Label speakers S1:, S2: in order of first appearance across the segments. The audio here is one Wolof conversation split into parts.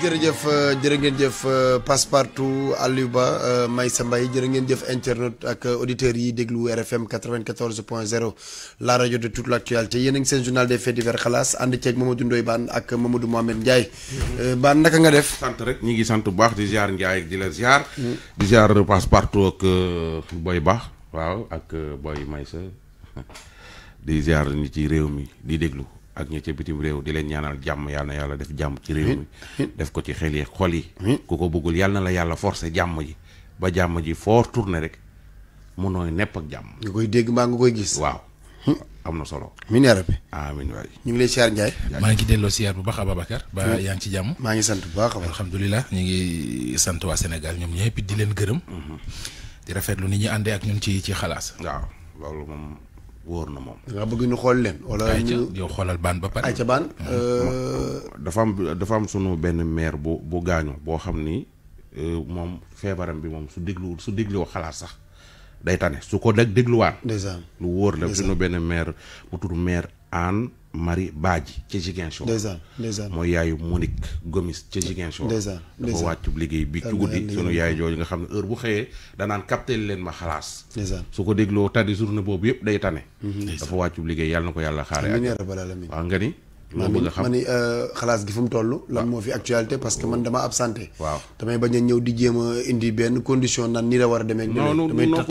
S1: jërëjëf euh, jërë ngeen jëf euh, Passepartout Aliou Ba euh, Maysa Mbaye jërë ngeen jëf internet ak auditeur yi déglu RFM 94.0, lara la radio de toute l'actualité actualité
S2: yéen a ngi seen journal des faits divers xalaas ànd ceeg Mamadou ndoy Bane ak Mamadou Mohamed Ndiaye. naka nga def. sant rek ñi ngi sant bu baax di ziar Ndiaye di la ziar. di ziar Passepartout ak Boy bax waaw ak Boy sa di ziar ñi ci réew mi di déglu. ak ñi ca bitim réew di leen ñaanal jàmm yàlla na yàlla def jàmm ci réew mi def ko ci xel yi xol yi ku ko bëggul yàlla na la yàlla forcé jàmm ji ba jàmm ji foo tourné rek mu nooy nepp ak jàmm nga koy dégg mbaa nga koy gis waaw am na solo min bi rabbi amiin waay ñu ngi lay siyaar Ndiaye maa ngi delloo siyaar bu baax Ababacar ba yaa ngi ci jàmm maa ngi sant bu baax alhamdulilah ñu ngi sant waa senegal ñoom ñëpp di leen gërëm mhm. di rafetlu ni ñu àndee ak ñun ci ci xalaas waaw wóor na moom. nga bëgg ñu xool leen. wala ñu yow xoolal baan ba pare. ayca baan. Euh, dafa am dafa am sunu benn maire bu bu gaañu boo xam ni euh, moom feebaram bi moom su déglu su dégloo xalaat sax day tane su ko nag dégluwaat. ndeysaan lu wóor la sunu benn meer bu tudd Anne Marie Badji ca Ziguinchor. ndeysaan ndeysaan mooy yaayu Monique Gomis ca Ziguinchor. ndeysaan ndeysaan dafa wàccu liggéey bi ci guddi sunu yaay jooju nga xam ne heure bu xëyee danaan capté leen ma xalaas. ndeysaan su ko dégloo tàddi journée boobu yëpp day tane. Mhm. dafa wàccu liggéey yàlla na ko yàlla xaaree. amiin yaa nga ni. moom bëgg xam man
S1: euh, xalaas gi fu mu toll. lan moo fi actualité parce que man dama absenté. waaw damay bañ a ñëw di jéem a indi benn condition nan ni la war a demee. non non noo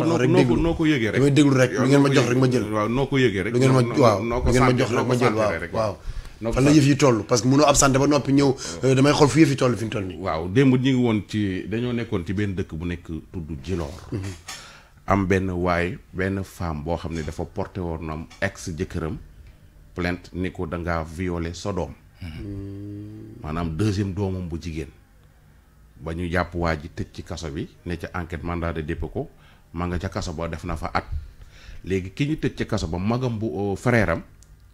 S1: ko noo ko
S2: yëgee rek damay déglu rek lu ngeen ma jël. waaw noo ko yëgee
S1: rek. lu ngeen ma waaw lu ngeen ma jox rek fan la yëf yi toll parce que mënoo absenté ba noppi ñëw euh, damay xool fu yëf yi toll
S2: fi mu toll nii. waaw démb ñu ngi woon ci dañoo nekkoon ci benn dëkk bu nekk tudd Djilor. Mhm. am benn waay benn femme boo xam ne dafa porté woon am ex jëkkëram plainte ni ko danga ngaa violer doom maanaam deuxième doomam bu jigéen ba ñu jàpp waa ji tëj ci kaso bi ne ca enquête mandat de dépp ko ma nga ca kaso ba def na fa at léegi ki ñu tëj ca kaso ba magam bu euh, frère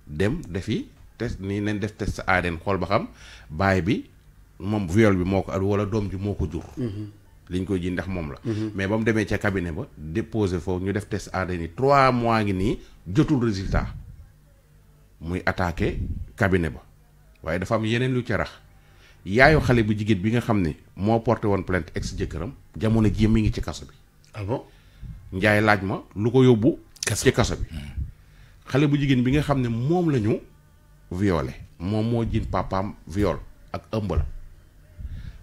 S2: dem defi test nii nañ def test ADN xool ba xam baay bi moom viol bi moo ko at wala doom ji moo ko jur liñ koy ji ndax moom la mais ba mu demee ca cabinet ba déposé foofu ñu def test ADN yi trois mois ngi nii jotul résultat muy attaqué cabinet ba waaye dafa am yeneen lu ca rax yaayu xale bu jigéen bi nga xam ne moo porte woon plainte ex jëkkëram jamono jii mi ngi ci kaso bi. ah bon laaj ma lu ko yóbbu. ci kaso bi hmm. xale bu jigéen bi nga xam ne moom lañu ñu moom moo jiin papam viol ak ëmb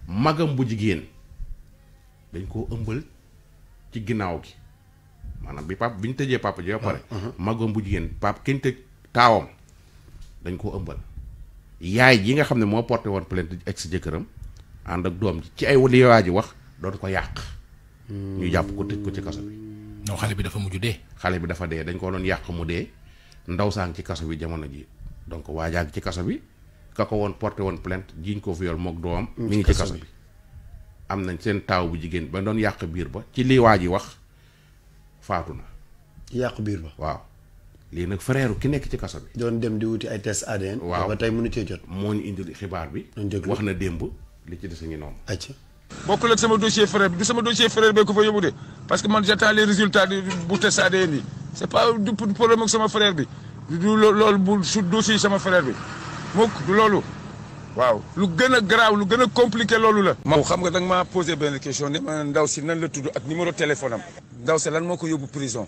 S2: magam bu jigéen dañ koo ëmbal ci ginnaaw gi maanaam bi pap bi ñu tëjee papa ji ba ah, uh-huh. magam bu jigéen pap kenn tëj taawam. dañ koo ëmbal yaay ji nga xam ne moo porté woon plainte si jëkkëram ànd ak doom ji ci ay liwaa ji wax doon ko yàq ñu jàpp ko tëj ko ci kaso bi non xale bi dafa mujj dee xale bi dafa dee dañ koo doon yàq mu dee ndaw saang ci kaso bi jamono ji donc waajaa ngi ci kaso bi ka ko woon porté woon plainte jiñ ko viol mook doom mm, mi ngi ci kaso bi am nañ seen taaw bu jigéen ba doon yàq biir ba ci liwaa ji wax faatu na yàq biir ba waaw lii nag frère ki nekk ci kaso bi. doon dem di wuti ay test ADN. waaw ba tey mënu cee jot. moo ñu indil xibaar bi. wax na démb li ci des a ngi noonu. acca
S1: bokkul ak sama dossier frère bi du sama dossier frère bee ko fa yóbbu de parce que man j'attends les résultats du bu test ADN bi c' est pas du problème ak sama frère bi du loolu bu su dossier sama frère bi mukk du loolu. waaw lu gën a garaaw lu gën a compliqué loolu la. ma xam nga da nga maa posé benn question ne ma ndaw si nan la tudd ak numéro téléphone am. ndaw si lan moo ko yóbbu prison.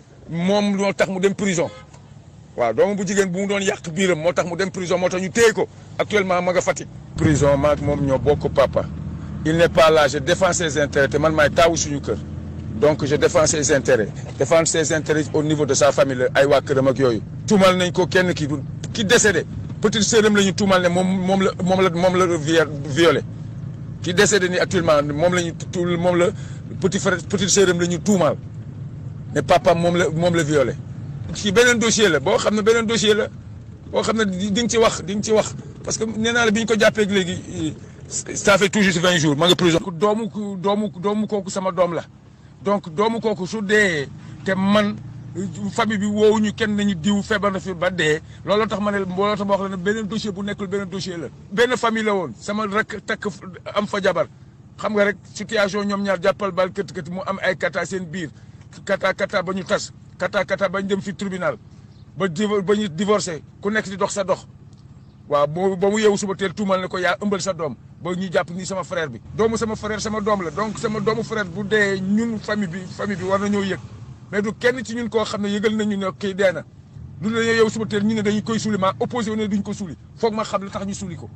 S1: Je tax prison Wa doomu bu bu prison actuellement ma prison papa il n'est pas là je défends ses intérêts Je suis en donc je défends ses intérêts Défends ses intérêts au niveau de sa famille Tout ay Qui këram décédé petite sœuram Tout le tuumal est décédé actuellement Tout le petite ne papa m'a violé. violé ci un dossier la dossier la bo xamné ci wax parce que la dossier ça fait tout juste 20 jours ma nga prison. domou domou domou koku sama la donc domou koku su man famille bi dossier kenn nañu diiw fi ba tax un tax dossier bu nekkul dossier la. benn famille la won sama rek tak am fa jabar xam nga rek situation ñom ñaar jappal bal kët kët am ay kata kata ba ñu tas kata kata ba ñu dem fi tribunal ba ba ñu divorcé ku nekk di dox sa dox waaw boo ba mu yeewu suba teel tuumal ne ko yaa ëmbal sa doom ba ñu jàpp ni sama frère bi. doomu sama frère sama doom la donc sama doomu frère bu dee ñun famille bi famille bi war na nañoo yëg mais du kenn ci ñun koo xam ne yëgal nañu ne kii dee na lu la yow suba teel ñu ne dañu koy suuli maa opposé wu ne duñ ko suuli foog ma xam lu tax ñu suuli ko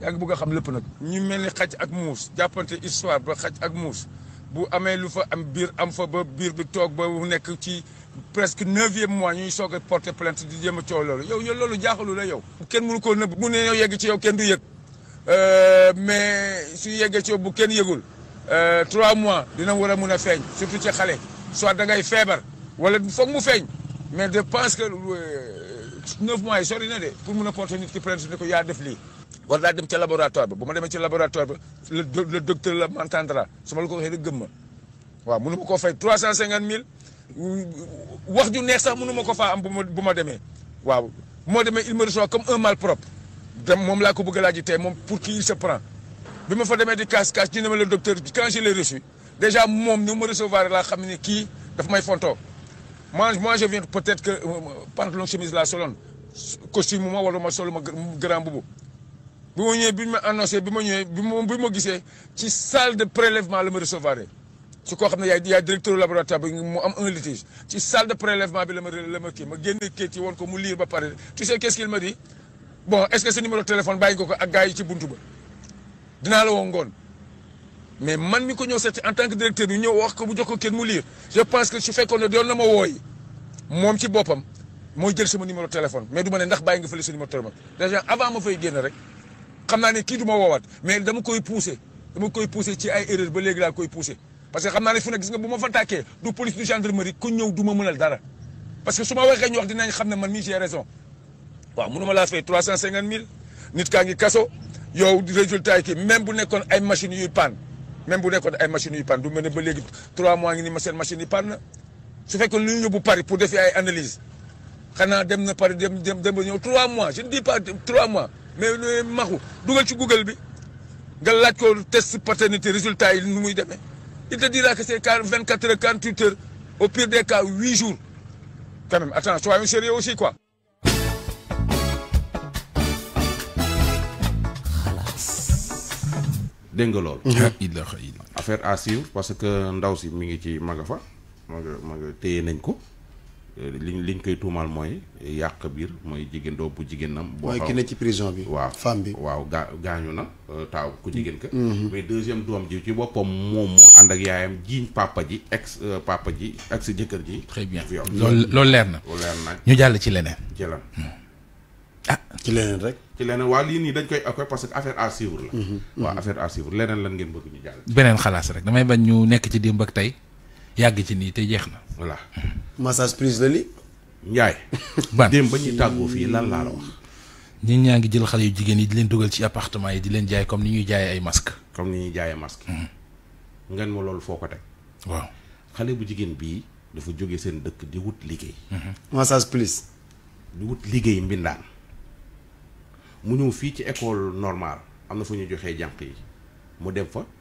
S1: yaa ngi bëgg xam lépp nag. ñu mel ni xaj ak muus jàppante histoire ba xaj ak muus. bu amee lu fa am bir am fa ba bir bi tok ba mu nekk ci presque 9e mois ñuy soog porter plainte di jéem a coow yow yow loolu jaaxalu la yow. kenn mënu ko neub mu ne yow yegg ci yow kenn du yegg euh mais su yegg ci yow bu kenn euh 3 mois dina wara mëna feñ surtout ci xalé soit da ngay fièvre wala foog mu feñ mais je pense que 9 euh, mois yi sori na dé pour mëna porter nit ki plainte ne ko ya def li war laa dem ci laboratoire ba bu ma demee laboratoire ba le le docteur la m'entendra su ma la ko waxee rek gëm ma waaw fay trois cent cinquante mille wax ju neex sax mënu ma ko faa am bu ma bu ma demee waaw demee il me reçoit comme un propre dem moom laa ko bëgg a laaj tey moom pour qui il se prend bi ma fa demee di casse casse ñu ne ma le docteur quand je l'ai reçu déjà moom ni mu ma recevoir laa xam ne kii daf may fontoo moi moi je viens peut-être que euh, pantalon chemise la soloon costume ma wala ma solu ma grand boubou bi ma annoncé bi ma ñëwee bi ma bi ci salle de prélèvement la me recevoir su koo xam ne yaay yaay directeur laboratoire bi mu am un litige ci salle de prélèvement bi la ma la ma kii ma génne kayit yi woon ko mu liir ba pare tu sais qu'est-ce qu'il me dit bon est-ce que sa numéro de téléphone bàyyi nga ko ak gars yi ci buntu ba dinaa la woo ngoon mais man mi ko ñëw seet en tant que directeur bi ñëw wax ko mu jox ko kenn mu liir je pense que su fekkoon ne doon na ma wooyi moom ci boppam mooy jël sama numéro de téléphone mais du ma ne ndax bàyyi nga fële sa numéro téléphone déjà avant ma fay génn rek sais ne ma mais dama koy poussé dama koy poussé ci ay erreurs, ba poussé parce que je naa que nous nga police gendarmerie parce que si ñu wax dinañ je j'ai raison je mënu ma fay trois nit ngi yow résultat résultats même bu a ay machines yuy panne même bu nekkoon ay machines une panne je ne ba trois mois ngi machine panne ce fait que Paris pour faire ay analyse a dem trois mois je ne dis pas trois mois mais maxu dougal ci Google bi nga laaj ko test paternité résultat yi nu muy démé il te dira que c'est vingt quatre heures quarante heures au pire des cas huit jours quand même attends une sérieux aussi quoi
S2: il l'a lool affaire à suivre parce que ndaw si mi ngi ci magafa nga fa ma nañ ko li liñ koy tuumaal mooy yàq biir mooy jigéen doo bu jigéenam. boo mooy ci prison bi. waaw femme bi waaw gaa gaañu na euh, taaw ku jigéen ka. Mm-hmm. mais deuxième doom ji ci boppam moom mu ànd ak yaayam jiiñ papa ji ex euh, papa ji ex jëkkër ji. très bien loolu loolu leer na. loolu leer ñu jàll ci leneen. jëlan hmm. ah ci leneen rek. ci leneen waa lii nii dañ koy akoy parce que affaire à suivre la. Mm-hmm. waaw mm-hmm. affaire à suivre leneen lan ngeen bëgg ñu jàll. beneen xalaas rek damay bañ ñu nekk ci démb ak tey. yàgg ci nii te jeex na. voilà. massage prise la li Ndiaye. démb ba ñuy tàggoo fii lan laa la wax. nit ñaa ngi jël xale yu jigéen yi di leen dugal ci appartement yi di leen jaay comme ni ñuy jaayee ay masque comme ni ñuy jaayee masque mm-hmm. ngeen ma loolu foo ko teg. waaw xale bu jigéen bii dafa jóge seen dëkk di wut liggéey. Mm-hmm.
S1: massage plus.
S2: di wut liggéey mbindaan mu ñëw fii ci école normale am na fu ñu joxee jànq yi mu dem fa.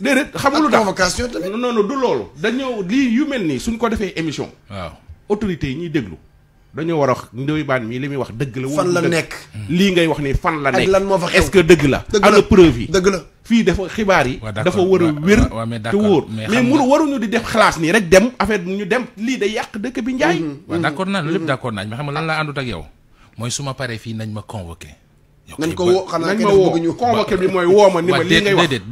S2: déedéet xamulu tax convocation tamit non du loolu dañoo lii yu mel nii suñ ko defee émission waaw autorités yi ñuy déglu dañoo war a wax ndoy baan mii li muy wax dëgg la fan la nekk lii ngay wax nii fan la nekk lan moo fa xew dëgg la ana preuve yi dëgg la fii dafa xibaar yi dafa war a wér te wóor mais munu waruñu di def xalaas nii rek dem affaire ñu dem lii day yàq dëkk bi njaay waaw d'accord naa loolu mm-hmm. lépp mm-hmm. d'accord naa mais xam nga lan laa àndut ak yow mooy su ma paree fii nañ ma convoqué nañ ko woo xanaa nañ ma woo convoqué mooy woo ma ni ma lii ngay wax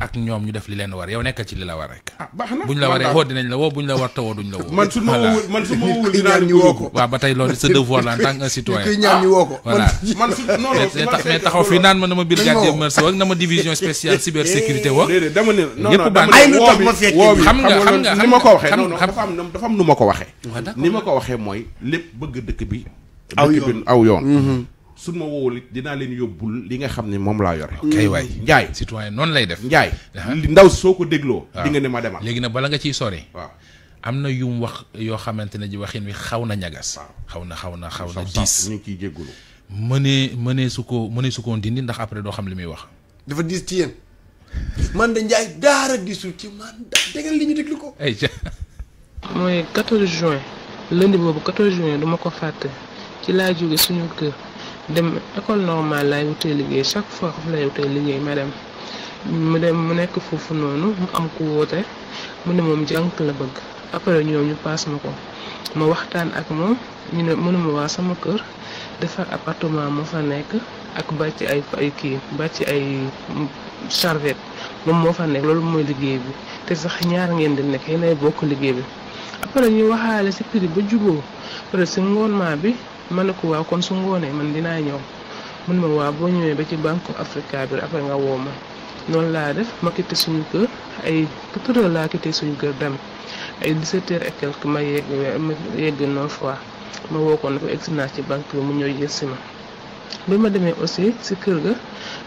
S2: ak ñoom ñu def li leen war yow nekkal ci li la war ah, baax na buñ la waree woo dinañ la woo buñ la war woo ma woo ko waaw ba tey loolu sa devoir la woo ko voilà taxaw fii naan ma na ma brigade de merci wak na ma division spéciale cybersécurité wak déedéet dama ne non non ay lu tax ma fekk xam nga xam nga ni ma ko waxee non dafa am dafa am ko waxee ni ma ko waxee mooy lépp bëgg dëkk bi aw yoon aw yoon su ma woowul dinaa leen yóbbul li nga xam ne moom laa yore. kay waay Ndiaye. citoyen noonu lay def. Ndiaye. ndaw soo ko dégloo. Ah. di nga ne ma demal léegi nag bala nga ciy sori. waaw am na yum wax yoo xamante ne ji waxin wi xaw na ñagas. xaw na xaw na xaw na diis ñu ngi ciy jégalu. mënee mënee su ko mënee su ko dindi ndax après doo xam
S3: li muy wax. dafa diis ci
S1: yéen man de Ndiaye daara diisul ci man déggal li
S3: ñu déglu ko. ayca. mooy 14 juin lundi boobu 14 juin duma ko fàtte ci laa jóge suñu kër. dem école normale laay wutee liggéey chaque fois foofu laay wutee liggéey ma dem mu dem mu nekk foofu noonu mu am ku woote mu ne moom jànk la bëgg après ñoom ñu paas ma ko ma waxtaan ak moom ñu ne mënuma waa sama kër defar appartement moo fa nekk ak bàcc ay ay kii bàcc ay charvette moom moo fa nekk loolu mooy liggéey bi te sax ñaar ngeen di nekk yéenay bokk liggéey bi après ñu waxaale si prix ba juboo après si ngoon bi ma ne ko waaw kon su ngoonee man dinaa ñëw mun ma waaw boo ñëwee ba ci Banque Africa bi après nga woo ma noonu laa def ma quitté suñu kër ay quatre heures laa quitté suñu kër dem ay 17 heures et quelque ma yegg noonu fois ma woo ko ne ko egsi naa ci banque bi mu ñëw jël si ma. bi ma demee aussi si kër ga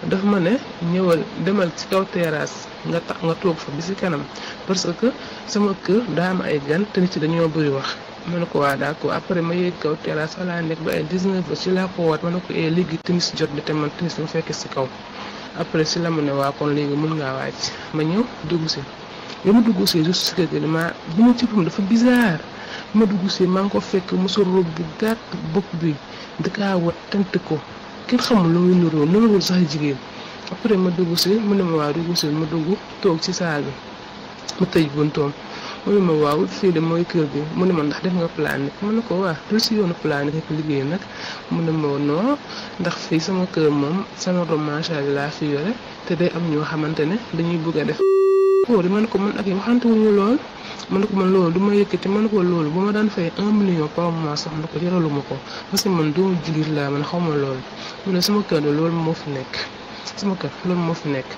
S3: daf ma ne ñëwal demal ci kaw teraas nga tax nga toog fa bi si kanam parce que sama kër daa am ay gan te nit ci dañoo bëri wax. ma ne ko waa d'accord après ma yéeg kaw terrasse fa nekk ba ay 19 heures ci laa ko waat ma ko ee eh léegi timis jot na te man timis dama fekk si kaw après si la ma ne waa kon léegi mun ngaa wàcc ma ñëw dugg si bi ma dugg si juste ma bi ci fam dafa bizarre bi ma dugg si maa ngi ko fekk mosul robe bu gàtt bopp bi dakaa wat ko kenn xamul lu muy nuroo nuroo sax jigéen après ma dugg si mu ne ma waa dugg si ma dugg toog ci saal bi ma tëj buntoom mu ne ma waaw fii de mooy kër bi mu ne ma ndax def nga planique mu ne ko waa lu si yoonu planique ak liggéey nag mu ne ma non ndax fii sama kër moom sama doom macha allah fi te day am ñoo xamante ne dañuy bëgg a def. waaw ma ne ko man ak yow waxante wuñu lool ma man loolu du ma yëkkati ma ne ko loolu bu ma daan fay un million par mois ko yaralu ma ko parce doomu jullit laa man xaw ma loolu mu ne sama kër de loolu moo fi nekk. suma kër loolu moo fu nekk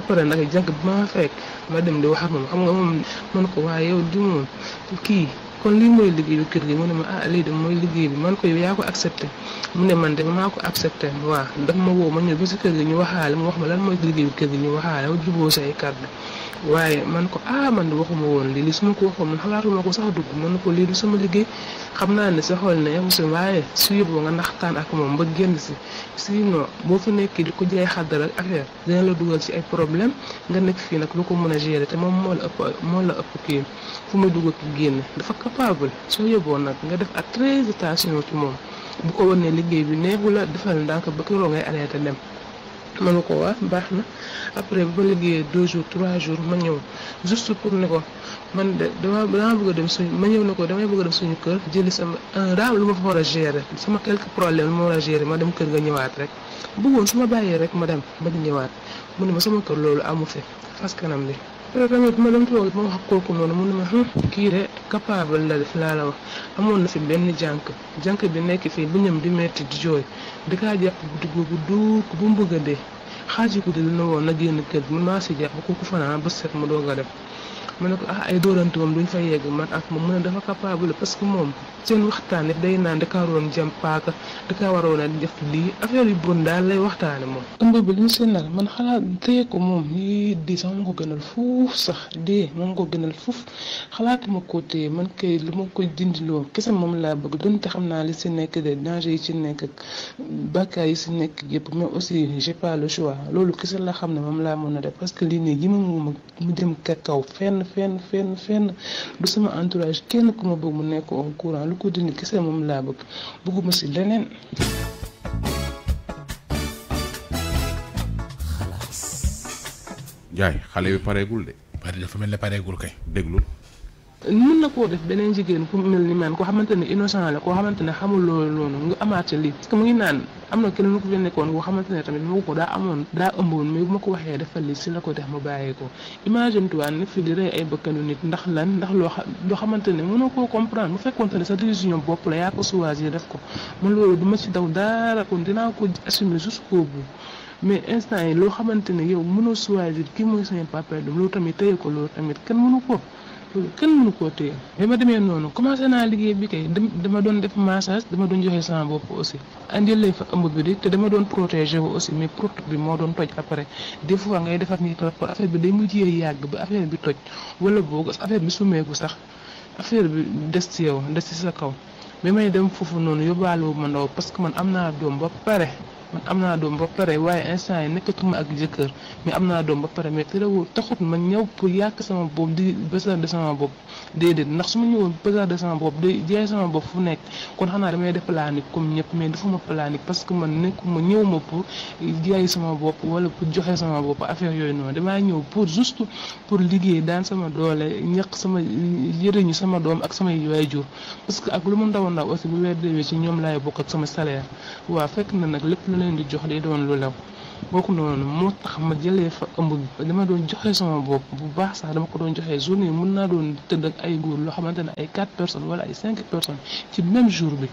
S3: après nag jànk bi ma fekk ma dem di wax ak moom xam nga moom man ko waaye yow di moom kii kon lii mooy liggéeyu kër gi mu ne ma ah lii mooy liggéey bi man ko yow yaa ko accepté mu ne man de maa ko accepté waaw daf ma woo ma ñëw ba si kër gi ñu waxaale mu wax ma lan mooy liggéey liggéeyu kër gi ñu waxaale ma juboo say kàddu waaye man ko ah man di waxuma woon lii li su ma ko waxoon man xalaatuma ko sax dugg man ko lii du sama liggéey xam naa ne sa xool ne si waaye suy boo nga naxtaan ak moom ba génn si sinon boo fa nekkee di ko jaay xaddar ak affaire dina la dugal ci ay problème nga nekk fii nag lu ko mën a gérer te moom moo la ëpp moo la ëpp kii fu muy dugg ki génn dafa capable soo yóbboon nag nga def ak très attention ci moom bu ko wan nee liggéey bi neexu a defal ndànk ba kiroo ngay arrêté dem mënu ko wax baax na après ba ma liggéeyee deux jours trois jours ma ñëw juste pour ne ko man de dama dama bëgg dem suñu ma ñëw ne ko damay bëgg dem suñu kër jëli sama daa lu ma fa war a gérer sama quelques problème lu ma war a gérer ma dem kër nga ñëwaat rek bëggoon su ma bàyyee rek ma dem ba ñëwaat mu ne ma sama kër loolu amu fi fas bi te tamit ma dem toog ma wax kooku noonu mu ne ma kii de capable la def laa la wax amoon na fi benn jànk jànk bi nekk fii bu ñam di metti di jooy di kaa jàpp guddi googu duur ko ba mu bëgg a dee woon na génn kër gi man maa si jàpp kooku fanaan ba set mu doog a dem. ma ne ko ah ay dóorante moom duñ fa yegg man ak moom mu ne dafa capable parce que moom seen waxtaan yëpp day naan da kaa waroon jëm paaka da a def lii affaire yu bon daal lay waxtaane moom. ëmb bi li ñu seen nal man xalaat dee ko moom di sax ma ko gënal fuuf sax dee ma ko gënal fuuf xalaatuma ko téye man kay lu ma ko dindiloo kese moom laa bëgg donte xam naa li si nekk de danger yi ci nekk ak bakkaar yi si nekk yëpp mais aussi j'ai pas le choix loolu kese laa xam ne moom laa mën a def parce que lii nii gi ma mu dem ka kaw fenn. fenn fenn fenn fenn du sama entourage kenn ku ma bëgg mu nekk au courant lu ko dindi kese moom laa bëgg bëgguma si leneen.
S2: xalaas. Njaay xale bi pareegul de. pare dafa mel ne pareegul kay déglul.
S3: mën na koo def beneen jigéen ku mel ni man koo xamante innocent la koo xamante ne xamul loolu noonu nga amaat ci lii parce mu ngi naan am na keneen ku fi xamante ne tamit moo ko daa amoon daa ko waxee dafa lii si ko def ma bàyyi ko imagine toi nit ndax lan ndax loo loo xamante ne mënoo koo comprendre bu fekkoon ne sa décision bopp la yaa ko choisir def ko man loolu duma ci daw dara kon dinaa ko assumer jusqu'au bout mais instant yi loo xamante ne yow mënoo choisir kii mooy seen papa loolu tamit téye ko loolu tamit kenn mënu ko kenn mënu koo téye bi ma demee noonu commencé naa liggéey bi kay dama doon def massage dama doon joxe sama bopp aussi andilee fa ëmb bi di te dama doon protéger wu aussi mais produit bi moo doon toj après des fois ngay defar nii rapport affaire bi day mujjee yàgg ba affaire bi toj wala boog affaire bi summeeku sax affaire bi des ci yow des ci sa kaw bi may dem foofu noonu yóbbaale wu ma ndaw parce man am naa doom ba pare man am naa doom ba pare waaye instant yi nekkatuma ak jëkkër mais am naa doom ba pare mais terewul taxut ma ñëw pour yàq sama bopp di besaar de sama bopp déedéet ndax su ma ñëwoon besaar de sama bopp di jaay sama bopp fu nekk kon xanaa damay def planique comme ñëpp mais defuma planique parce que man nekkuma ñëw ma pour jaay sama bopp wala pour joxe sama bopp affaire yooyu noonu damaa ñëw pour juste pour liggéey daan sama doole ñaq sama yëre ñu sama doom ak samay waajur parce que ak lu mu ndaw ndaw aussi bu weer deewee ci ñoom laay bokk ak sama salaire waaw fekk na nag lépp lu leen di jox day doon lu lew booku noonu moo tax ma jëlee fa ëmb bi dama doon joxe sama bopp bu baax sax dama ko doon joxee journée mun naa doon tëdd ak ay góor loo xamante ne ay quatre personnes wala ay cinq personnes ci même jour bi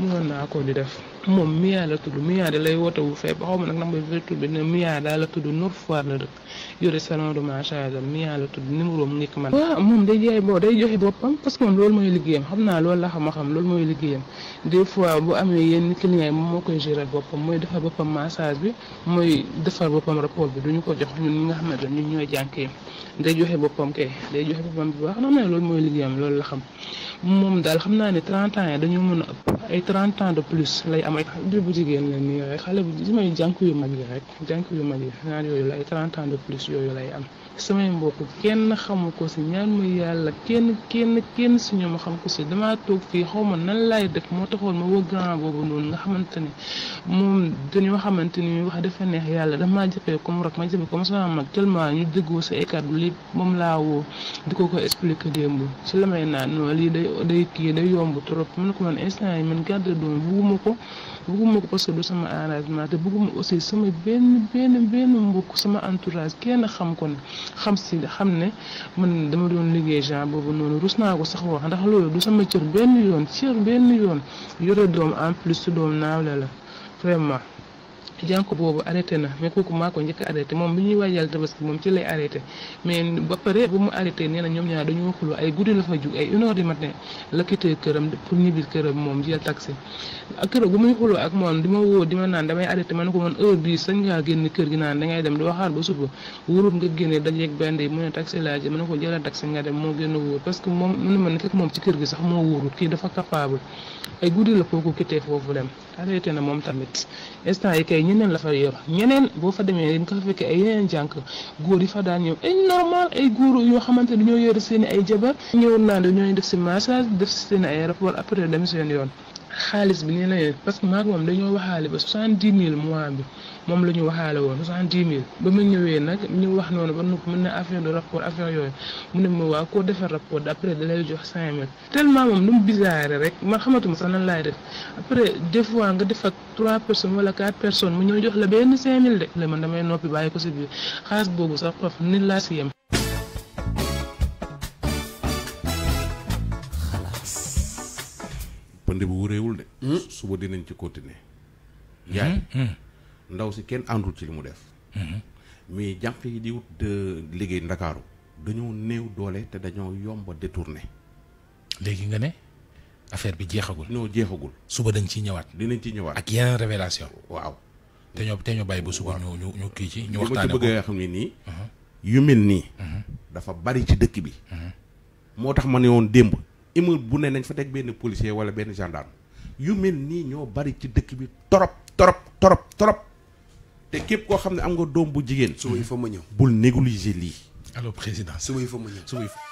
S3: mënoon naa ko di def moom Mia la tudd Mia da lay woote wu feeb xaw ma nag namba bi tudd ne Mia daal la tudd Nord Foire la dëkk yore salon de massage Mia la tudd numéro mu ngi ko man waaw moom day jaay boo day joxe boppam parce que moom loolu mooy liggéeyam xam naa loolu la xam a xam loolu mooy liggéeyam des fois bu amee yenn client yi moom moo koy gérer boppam mooy defar boppam massage bi mooy defar boppam rapport bi duñu ko jox ñun ñi nga xamante ne ñun ñooy jànkee day joxe boppam kay day joxe boppam bu baax xam naa loolu mooy liggéeyam loolu la xam moom daal xam naa ne 30 ans yi dañoo mën a ëpp ay 30 ans de plus lay am may xale bu jigéen la nii rek xale bu li may jànku yu mag yi rek si ñaan muy yàlla kenn kenn kenn si ñoom xam ko si damaa toog fii ma nan laay def moo taxoon ma woo grand boobu noonu nga xamante ne moom dañoo xamante ni wax dafa neex yàlla dafa maa jëfee comme rek ma jëfee laa woo di ko ko expliquer démb si la may naan lii day day kii day yomb trop man ko man instant yi man gàdde doom bugguma ko. bëgguma ko parce que du sama arrangement te bëgguma aussi sama benn benn benn mbokk sama entourage kenn xam ko ne xam si xam ne man dama doon liggéey genre boobu noonu rus naa ko sax wax ndax loolu du sama cër benn yoon cër benn yoon yore doom en plus su doom naawle la vraiment jànku boobu arrêté na mais kooku maa ko njëkk a arrêté moom bi ñuy waajal tabaski moom ci lay arrêté mais ba pare bu mu arrêté nee na ñoom ñaar dañoo xuloo ay guddi la fa jug ay une heure du matin la quitté këram pour ñibbi këram moom jël taxi ak këram bu muy xulu ak moom di ma woo di ma naan damay arrêté ma ne ko man heure bii sañ ngaa génn kër gi naan dangay dem di waxaar ba suba wóorut nga génnee dajeeg benn mu ne taxi laa jël ma ne ko jël taxi nga dem moo gën wóor parce que moom mu ne ma ne fekk moom ci kër gi sax moo wóorut kii dafa capable ay guddi la kooku quitté foofu dem arrêté na moom tamit instant yi kay ñeneen la fa yor ñeneen boo fa demee ko fa fekkee ay yeneen jànk góor yi fa daan ñëw ay normal ay góor yoo xamante ne ñoo yore seen i ay jabar ñëw naan dañoo def si massage def si seen ay rapport après dem seen yoon. xaalis bi nii la ne parce que maag moom dañoo waxaale ba soixante dix mille mois bi moom la ñu waxaale woon soixante dix mille ba ma ñëwee nag ñu wax noonu ba noppi mën na affaire de rapport affaire yooyu mu ne ma waa koo defar rapport après sax nan laay def après des fois nga def trois personnes wala quatre personnes mu ñëw jox la benn cinq mille de man damay noppi bàyyi ko si biir xaalis boobu sax prof nit laa yem
S2: pënd bu wuréewul de. Hmm? suba dinañ ci continuer. yaay hmm? Hmm? ndaw si kenn àndul ci li mu def. mais jànq yi di wut liggéey ndakaaru dañoo néew doole te dañoo yomba a détourné. léegi nga ne affaire bi jeexagul. non jeexagul. suba dañ ciy ñëwaat. dinañ ci ñëwaat ak yeneen révélation waaw te ñoo te ñoo bàyyi ba suba ñu ñu ñu kii ci. ñu waxtaanee ko li ma ci bëgg xam ne nii. Uh-huh. yu mel nii. Uh-huh. dafa bari ci dëkk bi. Uh-huh. moo tax ma ne woon démb. immeuble bu ne nañ fa teg benn policier wala benn gendarme yu mel nii ñoo bari ci dëkk bi torop torop torop torop te képp koo xam ne am nga doom bu
S4: jigéen. suba il faut ma ñëw bul négliger lii. alors président suba il faut